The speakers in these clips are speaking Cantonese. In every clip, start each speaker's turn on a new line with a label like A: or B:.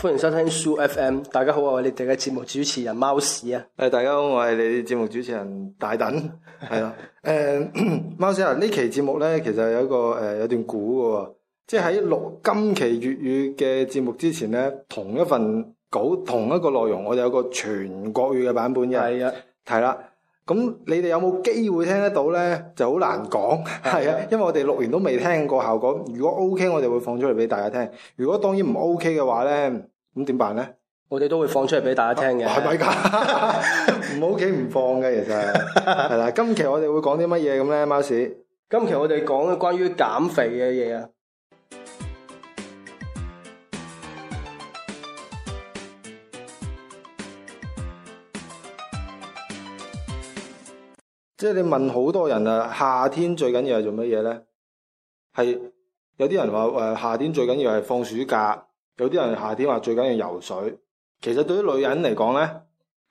A: 歡迎收聽 Soo FM，大家好，我係你哋嘅節目主持人貓屎啊！
B: 誒，大家好，我係你哋節、哎、節目主持人大等，係啦。誒，貓屎啊！呢期節目咧，其實有一個誒、呃、有段古嘅，即係喺錄今期粵語嘅節目之前咧，同一份稿同一個內容，我哋有個全國語嘅版本嘅，係啊，係啦、啊。咁你哋有冇機會聽得到咧？就好難講，係啊，因為我哋錄完都未聽過效果。如果 OK，我哋會放出嚟俾大家聽；如果當然唔 OK 嘅話咧，咁點辦咧？我哋都會放出嚟俾大家聽嘅，係咪㗎？唔 OK 唔放嘅，其實係啦。 今期我哋會講啲乜嘢咁咧？貓屎。今期我哋講關於減肥嘅嘢啊。即係你問好多人啊，夏天最緊要係做乜嘢咧？係有啲人話誒、呃，夏天最緊要係放暑假；有啲人夏天話最緊要游水。其實對於女人嚟講咧，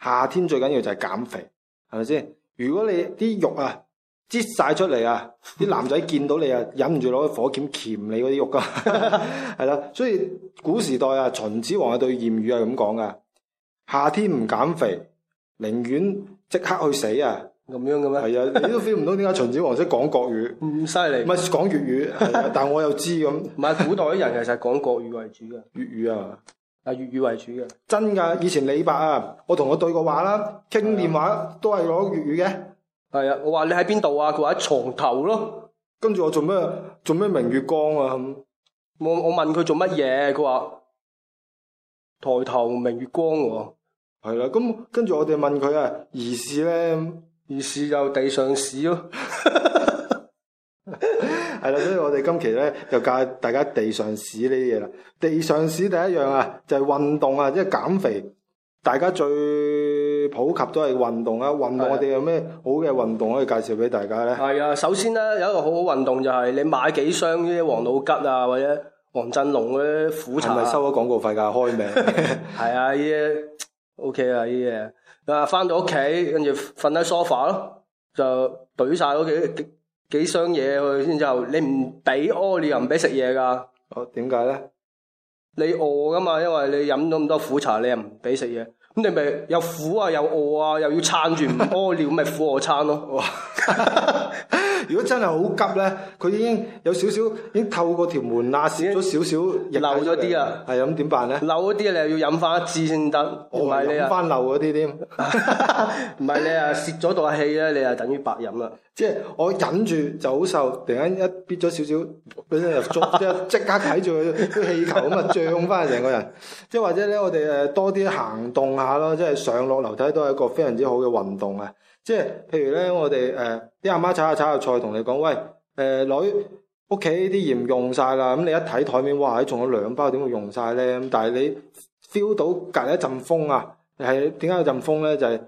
B: 夏天最緊要就係減肥，係咪先？如果你啲肉啊，擠晒出嚟啊，啲 男仔見到你啊，忍唔住攞個火鉗鉗你嗰啲肉噶，係 啦。所以古時代啊，秦始皇啊對諺語係咁講噶，夏天唔減肥，寧願即刻去死啊！咁樣嘅咩？係 啊，你都 feel 唔到點解秦始皇識講國語？唔犀利，唔係講粵語，但係我又知咁。唔係 古代啲人其實係講國語為主嘅，粵語啊，係粵語為主嘅。真噶，以前李白啊，我同佢對過話啦，傾電話都係攞粵語嘅。係啊，我話你喺邊度啊？佢話喺床頭咯。跟住我做咩？做咩明月光啊？咁
A: 我我問佢做乜嘢？佢話抬頭明月
B: 光喎。係啦，咁跟住我哋問佢啊，疑是咧。於是就地上屎咯，係啦，所以我哋今期咧就教大家地上屎呢啲嘢啦。地上屎第一樣啊，就係、是、運動啊，即係減肥，大家最普及都係運動啦、啊。運動我哋有咩好嘅運動可以介紹俾大家咧？
A: 係啊，首先咧有一個好好運動就係、是、你買幾箱呢啲王老吉啊，或者黃振龍嗰啲苦茶、啊，是是收咗廣告費噶，開名。係啊， 呢啲 OK 啊，呢啲。啊！翻到屋企，跟住瞓喺 sofa 咯，就懟晒屋企幾箱嘢去，先之後你唔俾屙尿，又唔俾食嘢噶。哦，點解咧？你餓噶嘛？因為你飲咗咁多苦茶，你又唔俾食嘢，咁你咪又苦啊，又餓啊，又要撐住唔屙尿，咪苦我餐咯。
B: 如果真係好急咧，佢已經有少少，已經透過條門罅泄咗少少液體，漏咗啲啊！係咁點辦咧？漏嗰啲你又要飲一劑先
A: 得，唔係 你啊？翻
B: 漏嗰啲添，
A: 唔係你啊？泄咗度氣咧，你啊等於
B: 白飲啦！即係我忍住就好瘦，突然間一憋咗少少，本身又足，即即刻睇住佢，個氣球咁啊漲翻成個人。即係或者咧，我哋誒多啲行動下咯，即係上落樓梯都係一個非常之好嘅運動啊！即係譬如咧，我哋誒啲阿媽炒下炒下菜，同你講喂誒女，屋企啲鹽用晒啦。咁、嗯、你一睇台面，哇！仲有兩包，點會用晒咧、嗯？但係你 feel 到隔籬一陣風啊，係點解有一陣風咧？就係、是、誒、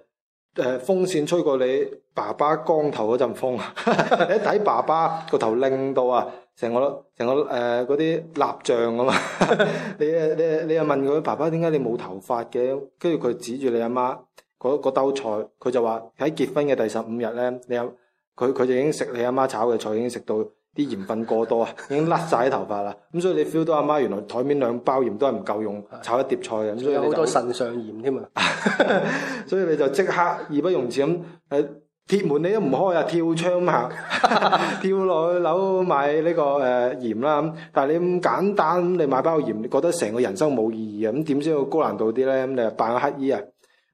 B: 呃、風扇吹過你爸爸光頭嗰陣風。 你一睇爸爸 頭個頭擰到啊，成個成個誒嗰啲蠟像咁啊！你誒你你又問佢爸爸點解你冇頭髮嘅？跟住佢指住你阿媽，媽嗰兜菜，佢就話喺結婚嘅第十五日咧，你有佢佢就已經食你阿媽,媽炒嘅菜，已經食到啲鹽分過多啊， 已經甩晒啲頭髮啦。咁 所以你 feel 到阿媽,媽原來台面兩包鹽都係唔夠用， 炒一碟菜咁，所以有好多腎上鹽添啊！所以你就即 刻義不容辭咁誒，鐵門你都唔開啊，跳窗行， 跳落去樓買呢個誒鹽啦。但係你咁簡單，你買包鹽，你覺得成個人生冇意義啊？咁點先會高難度啲咧？咁你又扮個乞衣啊？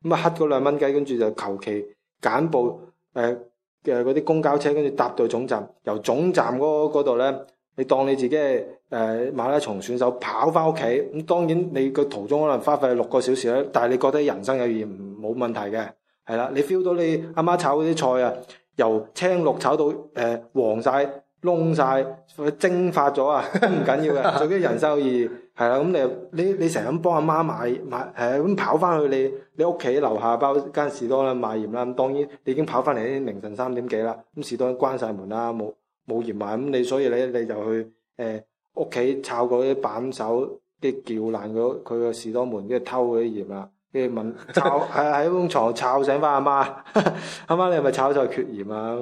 B: 咁啊、嗯，黑嗰兩蚊雞，跟住就求其揀部誒誒嗰啲公交車，跟住搭到總站。由總站嗰度咧，你當你自己係誒馬拉松選手跑翻屋企。咁、嗯、當然你個途中可能花費六個小時咧，但係你覺得人生有意義冇問題嘅，係啦。你 feel 到你阿媽,媽炒嗰啲菜啊，由青綠炒到誒、呃、黃晒。窿曬蒸發咗啊，唔 緊要嘅，最緊要人生意義係啦。咁你你你成日咁幫阿媽，媽買買，係咁跑翻去你你屋企樓下包間士多啦買鹽啦。咁當然你已經跑翻嚟啲凌晨三點幾啦，咁士多關晒門啦，冇冇鹽賣。咁你所以你你就去誒屋企摷嗰啲扳手，啲撬爛咗佢嘅士多門，跟住偷嗰啲鹽啦。跟住問摣係喺公床吵醒翻阿媽，阿媽你係咪炒菜缺鹽啊？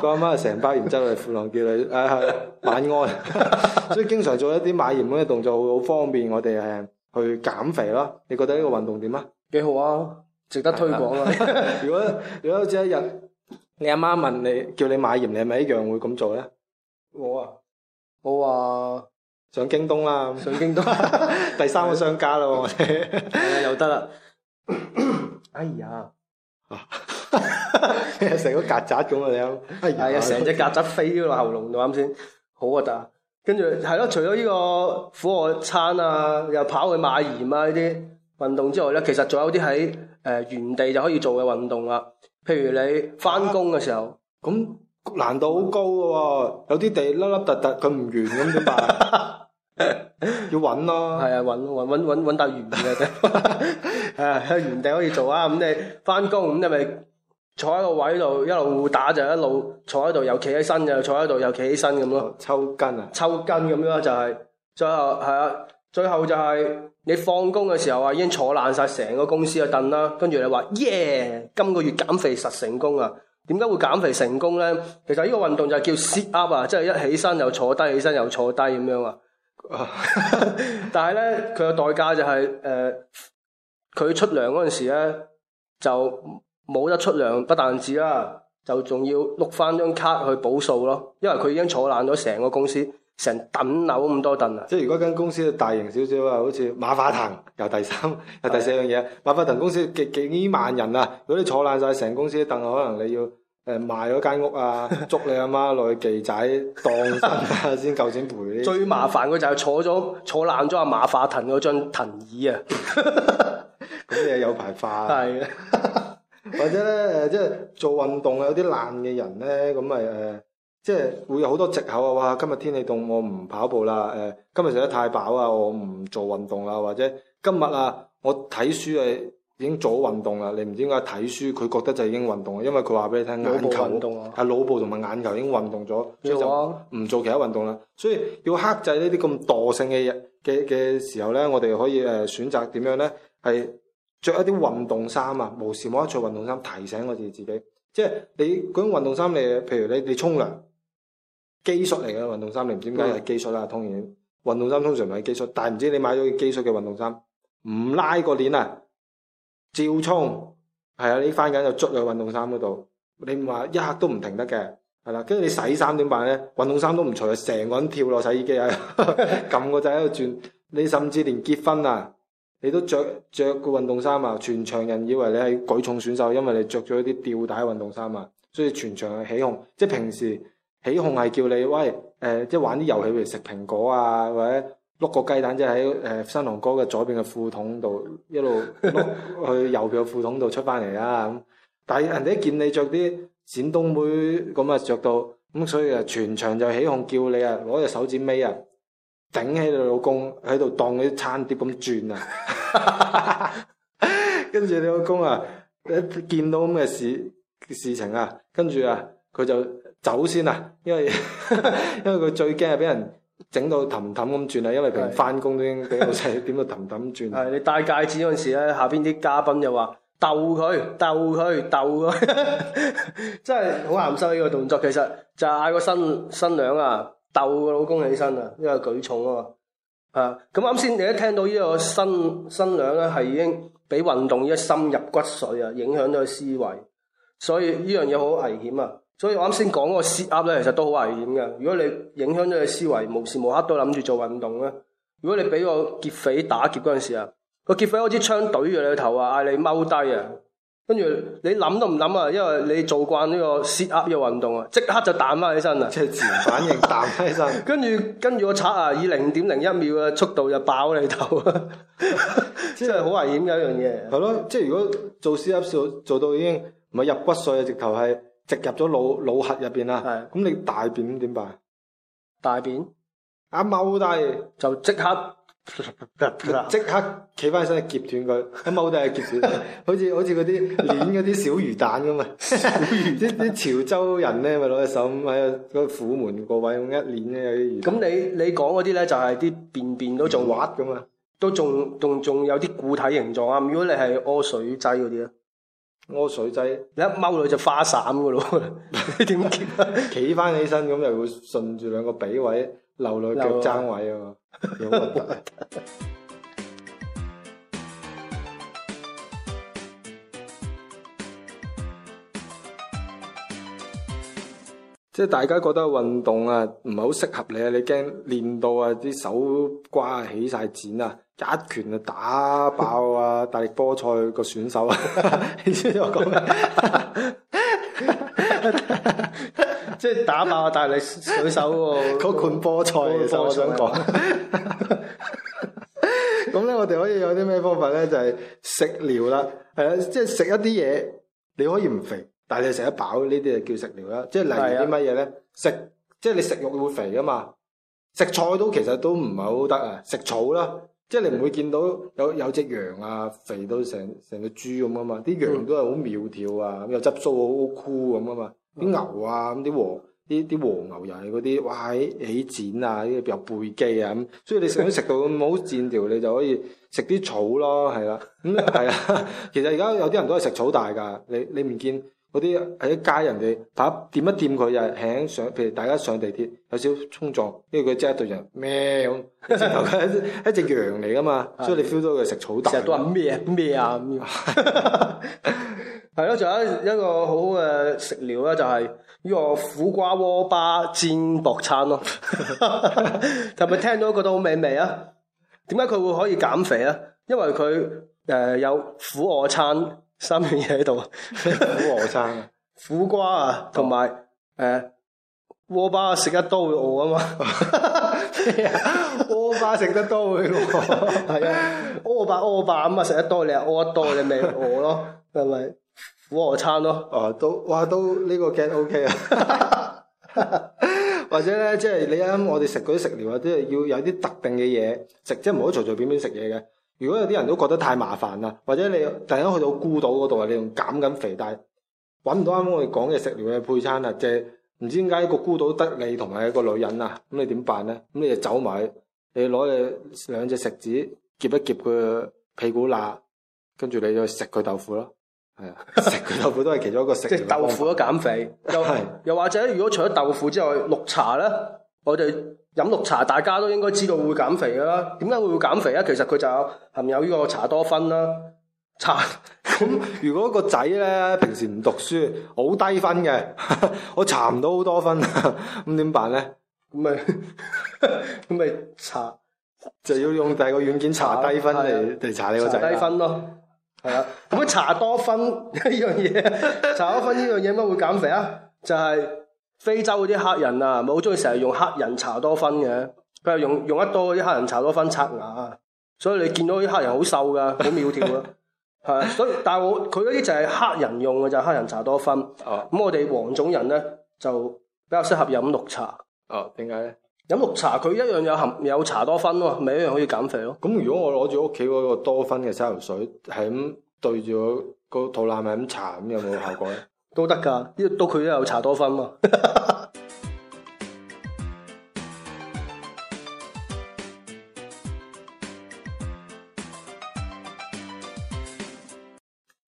B: 個阿媽成包鹽汁嚟庫藏，叫你係係、哎、晚安， 所以經常做一啲買鹽咁嘅動作，會好方便我哋係去減肥咯。你覺得呢個運動點啊？幾好啊！值得推廣啊 如！如果如果只有一日，你阿媽問你，你叫你買鹽，你係咪一樣會咁做咧？我啊，我話。上京東啦、啊，上京東，第三個商家啦、啊 啊，又得啦、
A: 啊。哎呀，
B: 成 個曱
A: 甴咁嘅樣，係啊，成隻曱甴飛咗落喉嚨，啱先、 嗯、好核突、啊。跟住係咯，除咗呢個俯臥撐啊， 又跑去買鹽啊呢啲運動之外咧，其實仲有啲喺誒原地就可以做嘅運動啊。譬如你翻工嘅
B: 時候，咁、啊、難度好高嘅喎、啊，有啲地凹凹凸凸，佢唔不完咁點辦？要揾咯，係啊，揾，揾，揾，揾，揾到完嘅啫，
A: 係啊，喺原地可以做啊。咁你返工，咁你咪坐喺個位度，一路打就一路坐喺度，又企起身，又坐喺度，又企起身，咁囉。抽筋啊，抽筋咁樣，就係最後，係啊，最後就係你放工嘅時候啊，已經坐爛晒成個公司嘅凳啦，跟住你話，耶，今個月減肥實成功啊。點解會減肥成功呢？其實呢個運動就係叫 sit up 啊，即係一起身又坐低，起身又坐低，咁樣啊。 但係咧，佢嘅代價就係、是、誒、佢、呃、出糧嗰陣時咧就冇得出糧不但止啦，就仲要碌翻張卡去補數咯。因為佢已經坐爛咗成個公司成等
B: 樓咁多凳啦。即係如果間公司大型少少啊，好似馬化騰又第三又第四樣嘢，馬化騰公司幾幾萬人啊，如果你坐爛晒成公司啲凳，可能你要。誒，賣咗間屋啊，捉你阿媽落去妓仔檔先，夠 錢賠你。最麻
A: 煩佢就係坐咗 坐爛咗阿馬化騰嗰張藤椅啊，
B: 咁你有排化。係啊，或者咧誒，即係做運動啊，有啲懶嘅人咧，咁咪誒，即係會有好多借口啊！哇，今日天氣凍，我唔跑步啦。誒，今日食得太飽啊，我唔做運動啦。或者今日啊，我睇書啊。已經做運動啦，你唔知點解睇書，佢覺得就已經運動，因為佢話俾你聽眼球係腦部同埋眼球已經運動咗，之後就唔做其他運動啦。所以要克制呢啲咁惰性嘅嘅嘅時候呢，我哋可以誒選擇點樣呢？係着一啲運動衫啊，無時無刻着運動衫，提醒我哋自己。即係你嗰種運動衫，你譬如你你沖涼，基恤嚟嘅運動衫，你唔知點解係基恤啦，通然運動衫通常唔係基恤，但係唔知你買咗啲基恤嘅運動衫，唔拉個鏈啊！照衝，係啊！你翻緊就捉去運動衫嗰度，你唔話一刻都唔停得嘅，係啦。跟住你洗衫點辦呢？運動衫都唔除，成個人跳落洗衣機啊！撳 個掣喺度轉，你甚至連結婚啊，你都着著個運動衫啊！全場人以為你係舉重選手，因為你着咗啲吊帶運動衫啊，所以全場係起哄，即係平時起哄係叫你喂，誒、呃，即係玩啲遊戲譬如食蘋果啊，或者……」碌個雞蛋，即喺誒、新郎哥嘅左邊嘅褲筒度一路碌去右邊嘅褲筒度出翻嚟啦，咁，但係人哋一見你着啲閃冬妹咁啊，着到咁，所以啊全場就起哄叫你啊，攞隻手指尾啊頂起你老公喺度當你啲餐碟咁轉啊， 跟住你老公啊一見到咁嘅事事情啊，跟住啊佢就先走先啊，因為 因為佢最驚係俾人。整到氹氹咁轉啊，因為平時翻工都已經俾老細點 到氹氹咁轉。係 你戴戒指嗰陣時咧，下
A: 邊啲嘉賓又話斗佢，斗佢，斗佢， 真係好咸濕呢個動作。其實就係嗌個新新娘啊，斗個老公起身啊，因為舉重啊嘛。啊，咁啱先你一聽到呢個新新娘咧，係已經俾運動一深入骨髓啊，影響咗佢思維，所以呢樣嘢好危險啊！所以我啱先講嗰個施壓咧，其實都好危險嘅。如果你影響咗你嘅思維，無時無刻都諗住做運動咧。如果你俾個劫匪打劫嗰陣時啊，個劫匪開支槍對住你個頭啊，嗌你踎低啊，跟住你諗都唔諗啊，因為你做慣呢個施壓嘅運動啊，回了即刻就彈翻起身啦。即係自然反應彈翻起身。跟住跟住個賊啊，以零點零一秒嘅速度就爆你頭啊！真係好危險嘅一樣嘢。
B: 係咯，即係如果做施壓做到已經唔係入骨髓啊，直頭係。直入咗腦腦核入邊啦，咁是你大便點辦？大便阿踎低就即刻即刻企翻身，去截斷佢，一踎低係截斷，好似好似嗰啲鏈嗰啲小魚蛋咁啊！啲潮州人咧咪攞隻手喺個虎門個位咁一鏈咧，有啲魚。咁你你講嗰
A: 啲咧就係啲便便都仲滑噶啊，嗯、都仲仲仲有啲固體形狀啊？如果你係屙水劑嗰啲啊。屙水仔你一踎落就花散噶咯，
B: 點企翻起身，咁又會順住兩個髀位流兩腳踭位啊！ 即係大家覺得運動啊唔係好適合你啊，你驚練到啊啲手瓜起晒剪啊？一拳就打爆啊！大力菠菜個選手 啊，你知我講咩？
A: 即係打爆個大力水手嗰罐菠菜，其實我想講。
B: 咁咧，我哋可以有啲咩方法咧？就係、是、食療啦，係啦，即係食一啲嘢，你可以唔肥，但係你食得飽呢啲就叫食療啦。即係例如啲乜嘢咧？是的 食即係你食肉會肥噶嘛？食菜都其實都唔係好得啊，食草啦。即係你唔會見到有有隻羊啊肥到成成隻豬咁啊嘛，啲羊都係好苗條啊，又汁素好 cool 咁啊嘛，啲、嗯、牛啊咁啲黃啲啲黃牛又係嗰啲，哇喺起剪啊，又背肌啊咁，所以你想食到咁好腱條， 你就可以食啲草咯，係啦、啊，咁、嗯、係啊，其實而家有啲人都係食草大噶，你你唔見？嗰啲係一家人嘅，打掂一掂佢又響上，譬如大家上地鐵有少少衝撞，跟住佢即係一隊人咩咁，咬喉 一隻羊嚟噶嘛，所以你 feel 到佢食草大嘅都啊咩啊
A: 咁。係咯，仲有一個好嘅食料咧，就係呢個苦瓜鍋巴煎薄餐咯。係 咪聽到覺得好美味啊？點解佢會可以減肥啊？因為佢誒有苦我餐。三樣嘢喺度，苦和餐啊，苦瓜啊，同埋誒窩巴食得多會餓啊嘛，窩巴食得多會餓，係啊，窩巴窩巴咁啊，食得多你咯咯 啊餓得
B: 多，你咪餓咯，係咪苦和餐咯？哦，都哇都呢個 g O K 啊，或者咧即係你啱啱我哋食嗰啲食療啊，即係要有啲特定嘅嘢食，即係唔好隨隨便便食嘢嘅。如果有啲人都覺得太麻煩啦，或者你突然間去到孤島嗰度啊，你仲減緊肥，但係揾唔到啱啱我哋講嘅食療嘅配餐啊，即係唔知點解個孤島得你同埋一個女人啊，咁你點辦咧？咁你就走埋，你攞你兩隻食指夾一夾佢屁股罅，跟住你就去食佢豆腐咯，係啊， 食佢豆腐都係其中一個食。即係 豆腐都減肥， 又係，
A: 又或者如果除咗豆腐之外，綠茶咧，我哋。飲綠茶，大家都應該知道會減肥㗎啦。點解會會減肥啊？其實佢就有含有呢個茶多酚啦、
B: 啊。查咁 如果個仔咧平時唔讀書，好低分嘅， 我查唔到好多分，咁 點辦咧？咁咪咁咪查，就要用第二個軟件查低分嚟嚟查你 個仔。低分
A: 咯，係啊。咁樣查多酚呢樣嘢，查多酚呢樣嘢點解會減肥啊？就係、是。非洲嗰啲黑人啊，咪好中意成日用黑人茶多酚嘅，佢又用用得多啲黑人茶多酚刷牙，所以你見到啲黑人好瘦噶，好苗條咯，係。 所以但係我佢嗰啲就係黑人用嘅就係、是、黑人茶多酚，咁、哦、我哋黃種人咧就比較適合飲綠茶。
B: 哦，點解
A: 咧？飲綠茶佢一樣有含有，有茶多酚喎，咪一樣可以減肥咯。
B: 咁如果我攞住屋企嗰個多酚嘅洗頭水，係咁 對住個肚腩係咁搽，咁有冇效果咧？ 都得噶，因都佢都有茶多酚嘛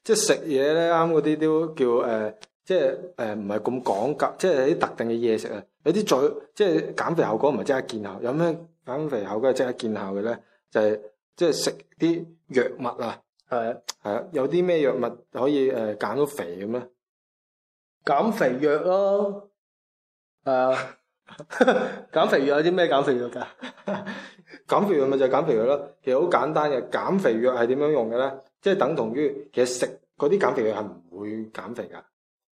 B: 即、呃。即係食嘢咧，啱嗰啲都叫誒，即係誒唔係咁講究，即係啲特定嘅嘢食啊。有啲再即係減肥效果唔係即刻見效，有咩減肥效果即刻見效嘅咧？就係、是、即係食啲藥物啊，誒係啊，有啲咩藥物可以誒減到肥咁咧？減肥藥咯，係、uh, 減 肥藥有啲咩減肥藥噶？減 肥藥咪就係減肥藥咯，其實好簡單嘅。減肥藥係點樣用嘅咧？即係等同於其實食嗰啲減肥藥係唔會減肥噶，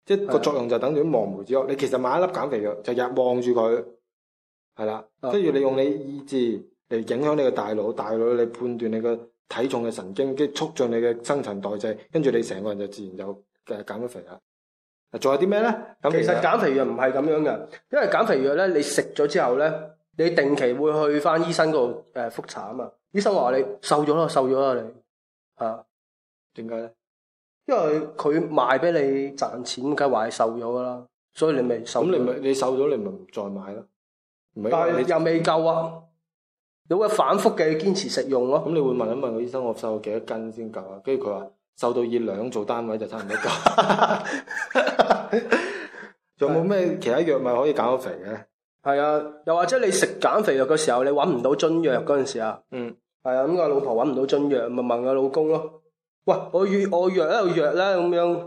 B: 即係個是作用就等於望梅止渴。你其實買一粒減肥藥，就日望住佢，係啦，跟住你用你意志嚟影響你嘅大腦，大腦嚟判斷你嘅體重嘅神經，即係促進你嘅新陳代謝，跟住你成個人就自然就誒減咗肥啦。仲有啲咩咧？其實減
A: 肥藥唔係咁樣嘅，因為減肥藥咧，你食咗之後咧，你定期會去翻醫生嗰度誒覆查啊嘛。醫生話你瘦咗啦，瘦咗啦、啊、你，啊？點解咧？因為佢賣俾你賺錢，梗係話你瘦咗啦，所以你未瘦。咁你咪你瘦咗，你咪唔再買啦。
B: 但係你又未夠啊，你會反覆嘅堅持食用咯、啊。咁、嗯、你會問一問個醫生，我瘦咗幾多斤先夠啊？跟住佢話。受到以兩做單位就差唔多， 有冇咩其他藥物可以減到肥嘅？係啊，又或者你食減肥藥嘅時候，你揾唔
A: 到樽藥嗰陣時、嗯、啊，嗯，係啊，咁個老婆揾唔到樽藥，咪問個老公咯。喂，我藥我藥咧，我藥咧咁樣，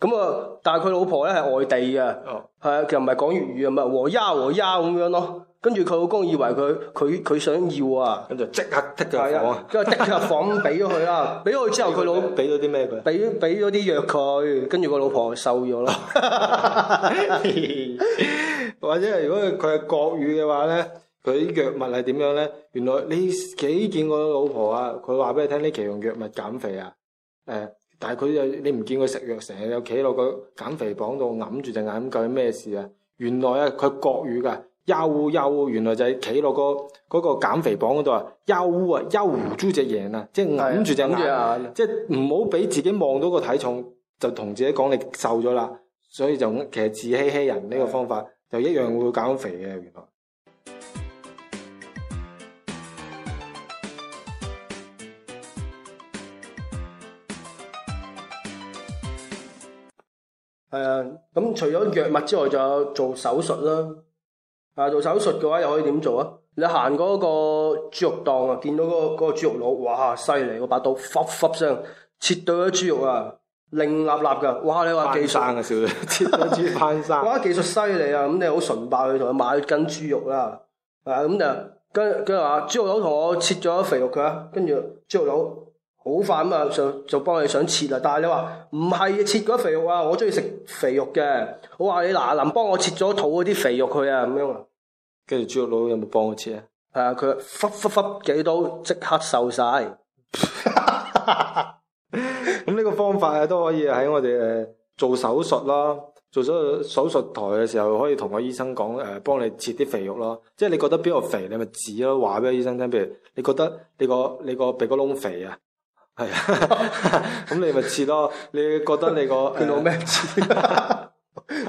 A: 咁、哦、啊，但係佢老婆咧係外地嘅，係啊，又唔係講粵語啊，咪、就是、和呀和呀咁樣咯。跟住佢老公以為佢佢佢想要啊，跟住即刻踢佢入房啊，跟住踢佢房，俾咗佢啦，俾咗佢之後，佢老俾
B: 咗啲咩佢？俾俾咗啲藥佢，跟住個老婆瘦咗咯， 或者係如果佢係國語嘅話咧，佢藥物係點樣咧？原來你幾見過個老婆啊？佢話俾你聽呢期用藥物減肥啊，誒，但係佢又你唔見佢食藥，成日又企落個減肥榜度揞住隻眼究竟咩事啊？原來啊，佢國語噶。優優，原來就係企落個嗰個減肥榜嗰度啊，優啊優豬只贏啊，即係掩住隻眼，的即係唔好俾自己望到個體重就同自己講，你瘦咗啦，所以就其實自欺欺人呢個方法的就一樣會減肥嘅，原來。
A: 係啊，咁除咗藥物之外，仲有做手術啦。啊，做手術嘅話又可以點做啊？你行嗰個豬肉檔啊，見到嗰、嗰個嗰、嗰個豬肉佬，哇，犀利！嗰把刀，忽忽聲切到嗰豬肉啊，零立立㗎，哇！你話技生啊，笑少切到豬翻生， 哇！技術犀利、嗯、啊，咁你好崇拜佢，同佢買咗斤豬肉啦，啊咁就跟跟住話豬肉佬同我切咗肥肉佢，啊，跟住豬肉佬。好快咁啊！就就幫你想切啊！但係你話唔係切嗰肥肉啊！我中意食肥肉嘅。我話你嗱，能幫我切咗肚嗰啲肥肉佢啊？咁樣、啊。跟住豬肉佬有冇幫我切啊？係啊！佢，忽忽忽幾刀，即刻瘦晒。
B: 咁 呢 個方法啊，都可以喺我哋誒做手術啦。做咗手術台嘅時候，可以同個醫生講誒，幫你切啲肥肉咯。即係你覺得邊度肥，你咪指咯，話俾個醫生聽。譬如你覺得你個你個鼻哥窿肥啊。係啊，咁 你咪切咯？你覺得你個見到咩切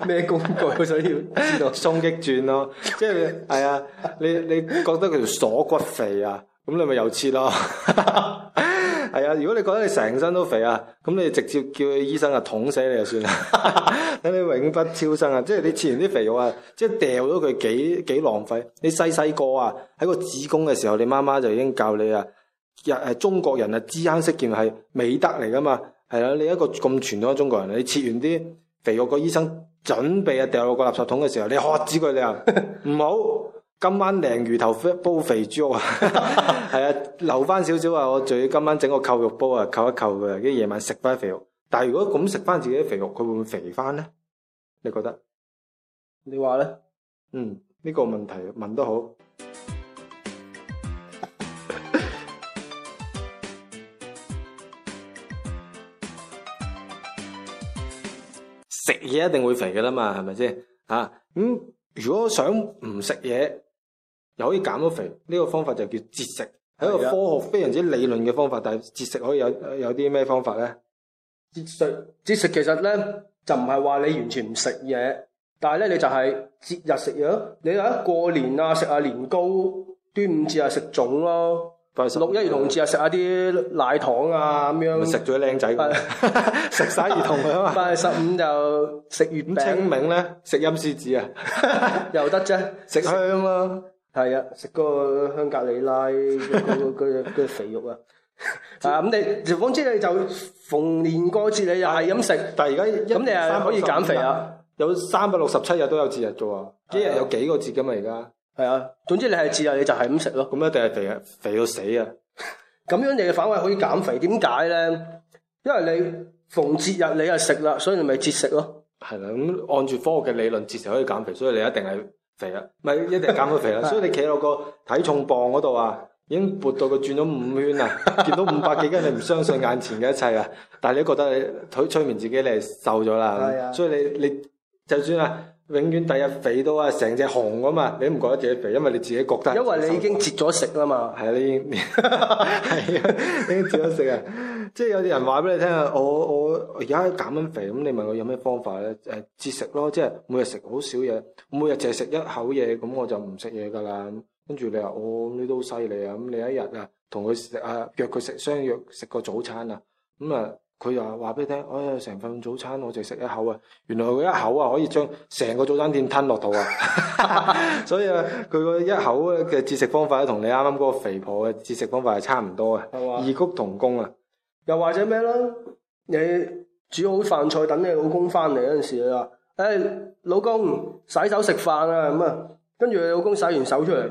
B: 咩工具想要切到衝擊轉咯？即係，係啊，你你覺得佢條鎖骨肥啊？咁你咪又切咯？係啊，如果你覺得你成身都肥啊，咁你直接叫醫生啊捅死你就算啦，等 你永不超生啊！即係你切完啲肥肉啊，即係掉咗佢幾幾浪費。你細細個啊，喺個子宮嘅時候，你媽媽就已經教你啊。人係中國人啊，知慳識儉係美德嚟噶嘛？係啊，你一個咁傳統嘅中國人，你切完啲肥肉個醫生準備啊，掉落個垃圾桶嘅時候，你喝止佢你啦，唔 好今晚鯪魚頭煲肥豬肉啊，係 啊，留翻少少啊，我仲要今晚整個扣肉煲啊，扣一扣嘅，跟住夜晚食翻肥肉。但係如果咁食翻自己肥肉，佢會唔會肥翻咧？你覺得？你話咧？嗯，呢、這個問題問得好。嘢一定會肥噶啦嘛，係咪先？啊，咁、嗯、如果想唔食嘢又可以減到肥，呢、這個方法就叫節食，係是的 一個科學非常之理論嘅方法。但係節食可以有有啲咩方法咧？
A: 節食
B: 節食其實咧就唔係話你完全唔食嘢，但係
A: 咧你就係節日食嘢咯。你睇過年啊食啊年糕，端午節啊食粽咯。六 15 一兒童節又食下啲奶糖啊咁樣，食咗啲靚仔，食晒兒童啊嘛。八月十五就食月餅。清明呢，食陰司紙啊， 又得啫，食香咯。係啊，食吃個香格里拉嗰個嗰個肥肉啊。 啊，咁你總之你就逢年過節你又係咁食，但係而家咁你又可以減肥啊？有三百六十七日都有節日嘅喎，一日有幾個節㗎嘛而家？係啊，總之你係節日你就係咁食咯，咁一定係肥啊，肥到死啊！咁樣你嘅反胃可以減肥，點解咧？因為
B: 你逢節日你又食啦，所以咪節食咯。係啦，咁按住科學嘅理論，節食可以減肥，所以你一定係肥啦。咪 一定減到肥啦，所以你企落個體重磅嗰度啊，已經撥到佢轉咗五圈啊。見到五百幾斤，你唔相信眼前嘅一切啊！ 但係你都覺得你推催眠自己你係瘦咗啦， 所以你你就算啊。永遠第日肥到啊，成隻熊啊嘛！你唔覺得自己肥，因為你自己覺得。因為你已經節咗食啦嘛，係 你已經係啊， 你節咗食啊！即係有啲人話俾你聽啊，我我而家減緊肥，肥，咁你問我有咩方法咧？誒，節食咯，即係每日食好少嘢，每日淨係食一口嘢，咁我就唔食嘢噶啦。跟住你話我呢都犀利啊！咁你一日啊，同佢食啊，約佢食相約食個早餐啊，咁、嗯、啊～佢又話，話俾你聽，哎呀，成份早餐我淨食一口啊！原來佢一口啊，可以將成個早餐店吞落肚啊！ 所以啊，佢嗰一口嘅節食方法咧，同你啱啱嗰個肥婆嘅節食方法係差唔多啊。異曲吧同工啊！又或者咩咧？你
A: 煮好飯菜，等你老公翻嚟嗰陣時，你話，哎，老公，洗手食飯啊！咁啊，跟住你老公洗完手出嚟，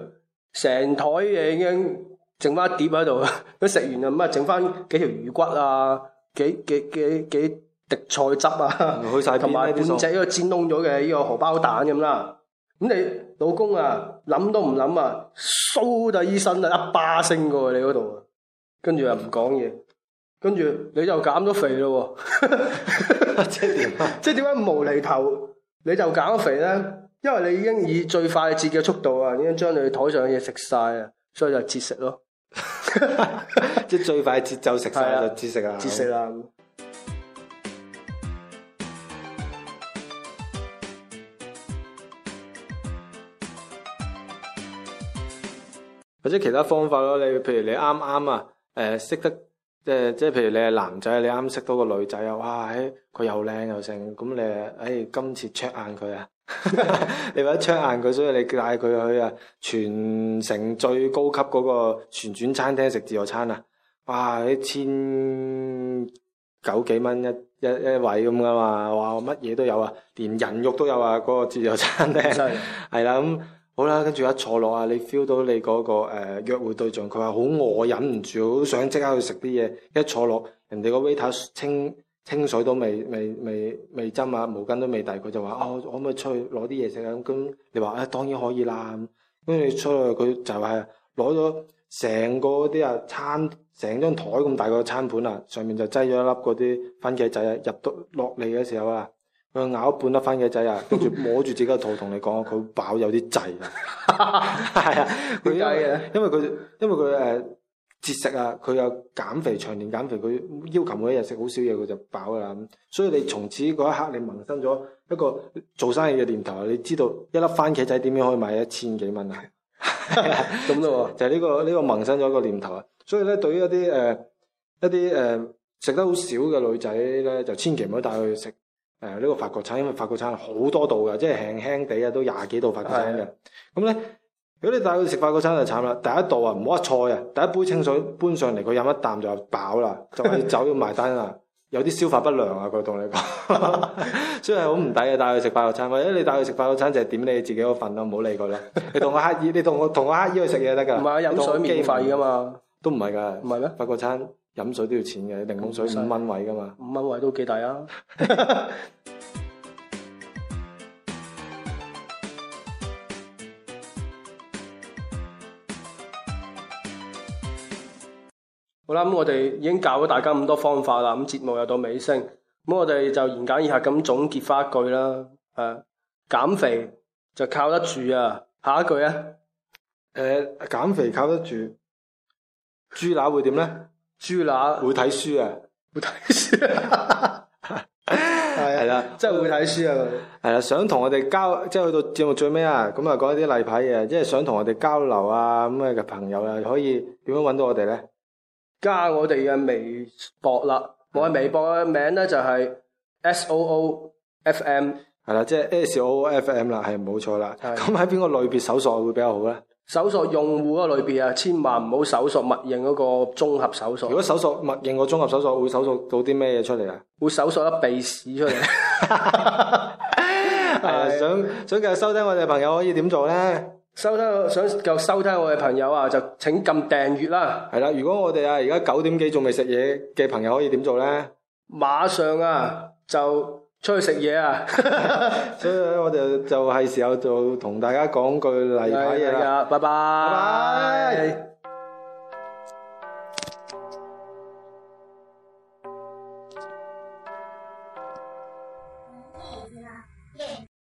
A: 成台嘢已經剩翻碟喺度，啊。佢食完啊，咁啊，剩翻幾條魚骨啊！幾幾幾幾滴菜汁啊，同埋半隻呢個煎㶶咗嘅呢個荷包蛋咁啦。咁、嗯、你老公啊諗都唔諗啊，show 就醫生啦、啊，一巴聲過去你嗰度，跟住又唔講嘢，嗯、跟住你就減咗肥咯、啊。 即點、啊？即點解無厘頭你就減咗肥咧？因為你已經以最快捷嘅速度啊，已經將你台上嘅嘢食晒啊，所以就
B: 節食咯。即 最快節奏食曬就，了就節食啊！節食啦，或者其他方法咯。你譬如你啱啱啊，誒識得即即譬如你係男仔，你啱識到個女仔啊，哇！佢又靚又剩，咁你誒今次灼硬佢啊！ 你搵一槍硬佢，所以你帶佢去啊，全城最高級嗰、嗰個旋轉餐廳食自助餐啊！哇，一千九幾蚊一一一位咁㗎嘛，哇，乜嘢都，都有啊，連人肉都有啊！嗰個自助餐咧，係啦咁好啦，跟住一坐落啊，你 feel 到你嗰、嗰個誒、呃、約會對象，佢話好餓，忍唔住，好想即刻去食啲嘢。一坐落，人哋個 waiter 清。清水都未未未未斟，啊，毛巾都未遞，佢就話哦，我可唔可以出去攞啲嘢食啊？咁你話誒，當然可以啦。咁你出去佢就係攞咗成個啲啊餐，成張台咁大個餐盤啊，上面就擠咗一粒嗰啲番茄仔啊，入到落嚟嘅時候啊，佢咬半粒番茄仔著著 啊，跟住摸住自己個肚同你講，佢飽有啲滯啊。係啊，點解嘅？因為佢因為佢誒。嗯節食啊！佢有減肥，長年減肥，佢要求每一日食好少嘢，佢就飽啦。咁所以你從此嗰一刻，你萌生咗一個做生意嘅念頭啊！你知道一粒番茄仔點樣可以賣一千幾蚊啊？咁咯喎，就係呢個呢個萌生咗一個念頭啊！所以咧，對於一啲誒、呃、一啲誒、呃、食得好少嘅女仔咧，就千祈唔好帶佢去食誒呢個法國餐，因為法國餐好多度嘅，即係輕輕地啊，都廿幾度法國餐嘅。咁咧的。如果你帶佢去食法國餐就慘啦，第一道啊唔好一菜啊，第一杯清水搬上嚟佢飲一啖就飽啦， 就係酒要埋單啦，有啲消化不良啊佢同你講，所以係好唔抵啊，帶佢去食法國餐。或者你帶佢去食法國餐就係、是、點你自己嗰份咯，啊，唔好理佢啦。 你同個乞兒，我你同個同個乞兒去食嘢得噶？唔係啊，飲水免費噶嘛，都唔係噶，唔係咩？法國餐飲水都要錢嘅，檸檬水五蚊位噶嘛，
A: 五蚊位都幾抵啊。 好啦，咁我哋已經教咗大家咁多方法啦，咁節目又到尾聲，咁我哋就言簡意賅咁總結翻一句啦，誒、啊，減肥
B: 就靠得住啊！下一句啊，誒、欸，減肥靠得住，豬乸會點咧？豬乸吻 會睇書啊？會睇書啊，係啦，真係會睇書啊！係啦、 啊，想同我哋交，即係去到節目最尾啊，咁啊，講一啲例牌嘢，即係想同我哋交流啊，咁啊嘅朋友啊，可以點樣搵到我哋咧？加我哋嘅微博啦，我喺微博
A: 嘅名咧，就係 S O O
B: F M，係啦，即係 S O O F M 啦，係冇錯啦。咁喺邊個類別搜索會比較好咧？搜索用戶嗰個類別啊，千
A: 萬唔好搜索默認嗰個綜合搜索。如果搜索默認個綜合搜索，會搜索到啲咩嘢出嚟？啊？會搜索一鼻屎出嚟。係想
B: 想繼續收聽我哋嘅朋友可以點做咧？收聽，收聽我想繼續收聽我嘅朋友啊，就請撳訂閱啦。係啦，如果我哋啊而家九點幾仲未食嘢嘅朋友可以點做咧？馬上啊、嗯、就出去食嘢啊！ 所以我哋就係時候就同大家講句例牌嘢啦。拜拜。拜拜拜拜。